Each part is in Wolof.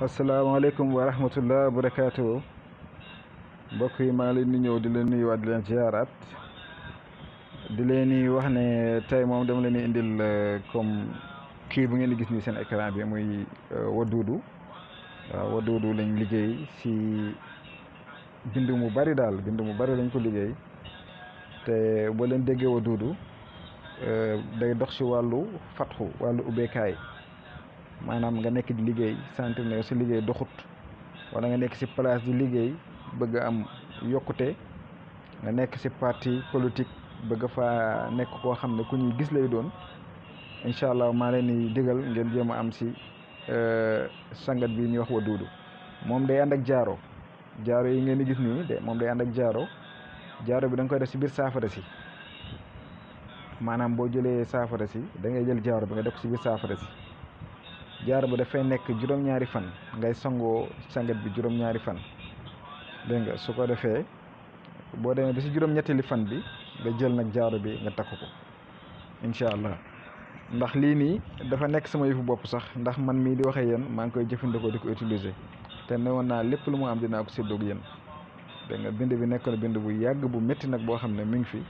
asalaamaaleykum wa rahmatullah wa barakaatu mbokk yi maa leen di ñëw di leen nuyuwaat di leen ziaraat di leen wax ne tey moom dama leen indil euh, comme kii bu ngeen di gis ni seen écran bi mooy euh, Waddudu waaw Waddudu lañ liggéey si bind mu bari daal bind mu bari lañ ko liggéey te boo leen déggee Waddudu euh, day dox si wàllu fatxu wàllu ubbeekaay manam nga nek di liggey centre nga ci liggey doxut wala nga nek si place di liggey bëgg am yokuté nga nek si parti politique bëgg fa nek ko xamné ku ñuy gis lay doon inshallah ma leen ni diggal ngeen jaro, am ci euh sangat bi ñu wax wa dudu mom day and ak jaaro jaaro yi ngeen gis ni de mom day and ak jaaro jaaro bi dang koy def ci bir safara ci manam bo jëlé safara ci da ngay jël jaaro bi nga def ci bir safara ci jaar ba dafay nekk juróom-ñaari fan ngay sangoo sanget bi juróom-ñaari fan dégg nga su ko defee boo demee ba si juróom-ñetteeli fan bi nga jël nag jaaro bi nga takk ko incha allah ndax lii nii dafa nekk sama yëfu bopp sax ndax man mii di waxee yéen maa ngi koy jëfandikoo di ko utiliser te ne woon naa lépp lu mu am dinaa ko séddoog yéen dégg nga bind bi nekk na bind bu yàgg bu métti nag boo xam ne mi ngi fi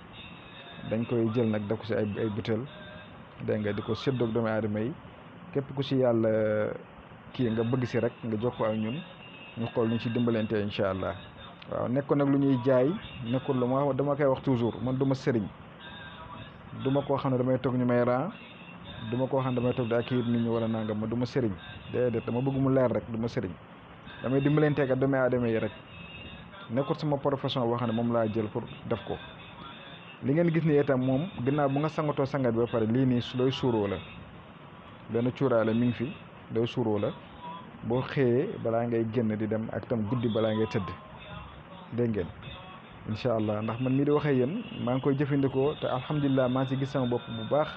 dañ koy jël nag def ko si ay ay butéel dégg nga di ko séddoog doomu aadama yi képp ku si yàlla eh, kii nga bëgg si rek nga jox ko ak ñun ñu xool ñu si dimbalante incha allah waaw nekkoon nag lu ñuy jaay nekkul lu ma dama koy wax toujours ma sëriñ du ma koo xam ne damay toog ñu may ran du ma koo xam ne damay toog di accueillir nit ñi wala nangam ma du ma sëriñ déedéet dama bëgg mu leer rek duma ma sëriñ damay dimbalante ak doomi aadama yi rek nekkul sama profession boo xam ne moom laa jël pour def ko li ngeen gis ni itam moom ginnaaw bu nga sangatoo sangat ba pare lii nii su looy suuroo la benn cuuraale mi ngi fi day suuroo la boo xëyee balaa ngay génn di dem ak tam guddi balaa ngay tëdd dégg ngeen incha allah ndax man mii di waxee yéen maa ngi koy jëfandikoo te alhamdulilah maa ngi gis sama bopp bu baax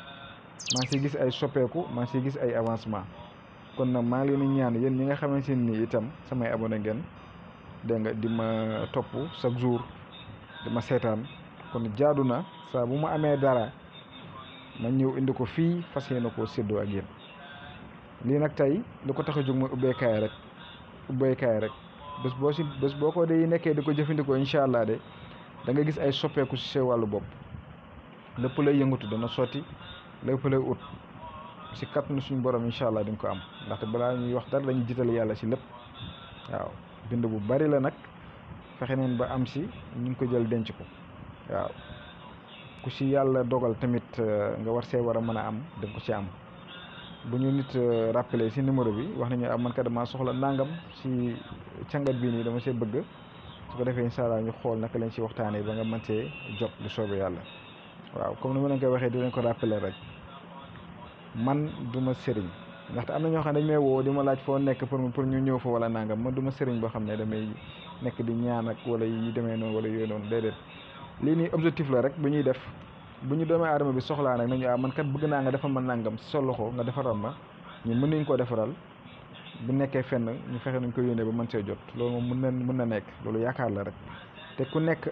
maa ngi gis ay soppeeku maa ngi gis ay avancement kon nag maa ngi leen ñaan yéen ñi nga xamante ni itam samay abonné ngeen dégg nga di ma topp chaque jour di ma seetaan kon jaadu na saa bu ma amee dara ma ñëw indi ko fii fas ak yéen li nak tay lu ko tax jog jóg mooy kay rek kay rek bés bo ci bés boko ko yi nekkee diko jëfëndiko inshallah incha de da nga gis ay soppeeku si walu bop lepp lay yëngutu dana soti lepp lay ut si kattanu suñu borom inshallah allah ko am ndaxte bala ñuy wax dara lañu jittal yalla ci lepp waaw bind bu bari la nak fexe ba am ci ñu ko jël denc ko waaw ku ci yalla dogal tamit euh, nga war sé wara mëna am da ko ci am buñu nit euh, rappeler ci numéro bi wax nañu ah man ka dama soxla nangam si càngat bi ni dama see bëgg su ko defee inshallah ñu xol naka lañ si waxtane ba nga mën see jot bu soobee yàlla waaw comme numéro nga waxé di lañ ko rappeler rek man duma sëriñ ndax am na ñoo xam dañ may wo di ma laaj fo nek pour pour ñu ñëw fo wala nangam man duma sëriñ bo xam ne damay nek di ñaan ak wala yi démé non wala yoy non dédé li ni objectif la rek bu ñuy def buñu doomi adama bi soxla nak nañu ah, man kat bëgg na nga defal man nangam solo ko nga defaral ma ñu mën nañ ko defaral bu nekké fenn ñu fexé nañ ko yone ba man ci jot loolu moom mën na mën na nekk loolu yaakaar la rek te ku nekk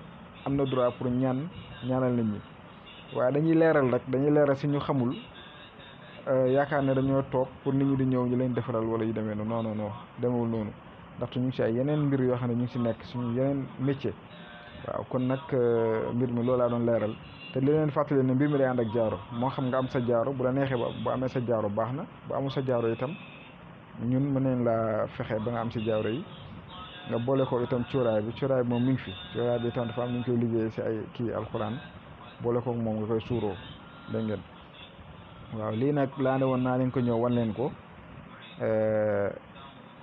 amna droit pour ñaan ñaanal nit ñi wa dañuy léral rek dañuy léral si ñu xamul euh, yaakaar na dañu tok pour nit ñi di ñew ñu leen defaral wala yu démé non non non demewul noonu ndax ñu ci ay yenen mbir yo xamné ñu ci nekk suñu yenen métier waaw kon nak euh, mbir mi la doon leeral te li leen fàttali ne mbir mi day ànd ak jaaro moo xam nga am sa jaaro bu la neexee ba bu amee sa jaaro baax na bu amul sa jaaro itam ñun mën nañ laa fexe ba nga am si jaaro yi nga boole ko itam cuuraay bi cuuraay moom mi ngi fi cuuraay bi itam dafa am nu koy liggéey si ay kii alxuraan boole koog moom nga koy suuroo dégg waaw lii nag laa ne woon naa leen ko ñëw wan leen ko eh,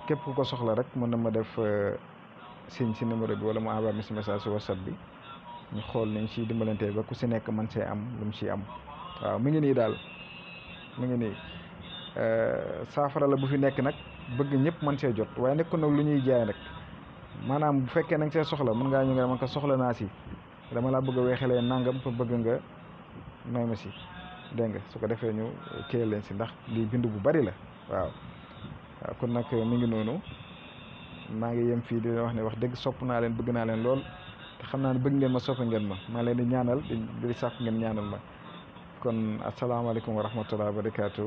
képp ku ko soxla rek mën na ma def eh, signe si numéro bi wala mu envoyé ma si message si whatsapp bi ñu xol nañ ci dimbalante ba ku ci nek man ci am lu mu am waaw mi ngi ni dal mi ngi euh safara la bu fi nek nak bëgg ñëpp man ci jot waye nek nak lu ñuy jaay nak manam bu fekke nag ci soxla mën nga ñu nga man ko soxla na ci dama la bëgg wéxalé nangam fa bëgg nga may ma ci deng su ko défé ñu leen ci ndax li bindu bu bari la waaw kon nak mi ngi nonu ma ngi yem fi di wax ni wax deug sopna leen bëgg na leen lool xam naa ne bëgg ngeen ma sopp ngeen ma maa leen di ñaanal di di sàkk ngeen ñaanal ma kon asalaamaaleykum wa rahmatulah wa barakaatu.